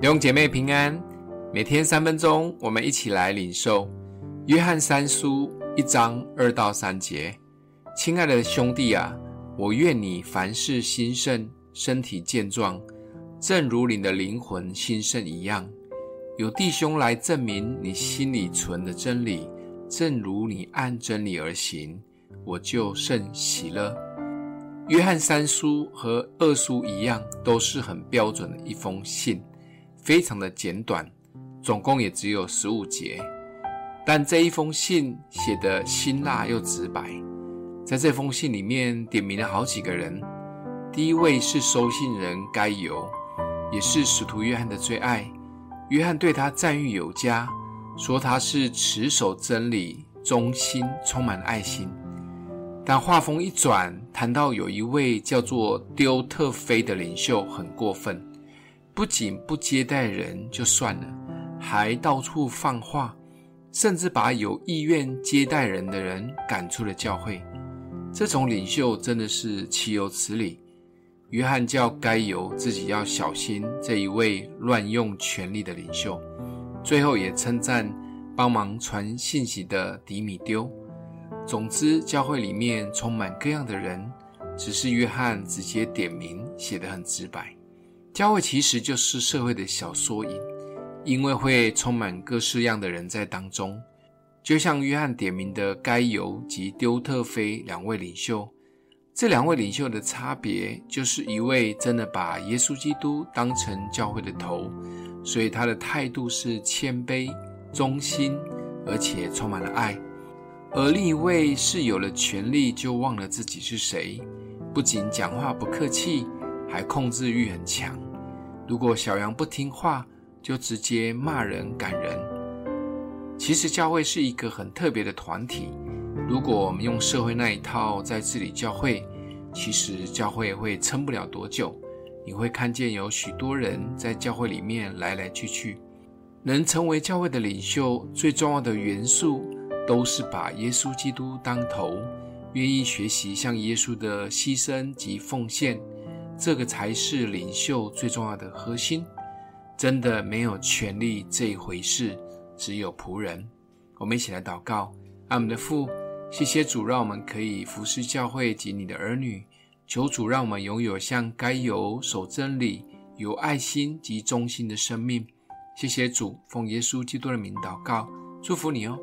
弟兄姐妹平安，每天三分鐘，我們一起來領受約翰三書一章二到三節。親愛的兄弟啊，我願你凡事興盛，身體健壯，正如你的靈魂興盛一樣。有弟兄來證明你心裡存的真理，正如你按真理而行，我就甚喜樂。約翰三書和二書一樣，都是很標準的一封信。非常的簡短，總共也只有十五節。但這一封信寫得辛辣又直白，在這封信裡面點名了好幾個人。第一位是收信人該猶，也是使徒約翰的最愛。約翰對他讚譽有加，說他是持守真理、忠心、充滿愛心。但話鋒一轉，談到有一位叫做丟特腓的領袖很過分。不僅不接待人就算了，還到處放話，甚至把有意願接待人的人趕出了教會。這種領袖真的是豈有此理！約翰叫該猶自己要小心這一位亂用權力的領袖。最後也稱讚幫忙傳信息的低米丟。總之，教會裡面充滿各樣的人，只是約翰直接點名，寫得很直白。教會其實就是社會的小縮影，因為會充滿各式各樣的人在當中。就像約翰點名的該猶及丟特腓兩位領袖，這兩位領袖的差別就是一位真的把耶穌基督當成教會的頭，所以他的態度是謙卑、忠心，而且充滿了愛；而另一位是有了權力就忘了自己是誰，不僅講話不客氣。還控制慾很強，如果小羊不聽話，就直接罵人趕人。其實教會是一個很特別的團體，如果我們用社會那一套在治理教會，其實教會會撐不了多久。你會看見有許多人在教會裡面來來去去。能成為教會的領袖，最重要的元素都是把耶穌基督當頭，願意學習像耶穌的犧牲及奉獻。這個才是領袖最重要的核心，真的沒有權力這一回事，只有僕人。我們一起來禱告：愛我們的父，謝謝主，讓我們可以服侍教會及你的兒女。求主讓我們擁有像該猶守真理、有愛心及忠心的生命。謝謝主，奉耶穌基督的名禱告，祝福你哦。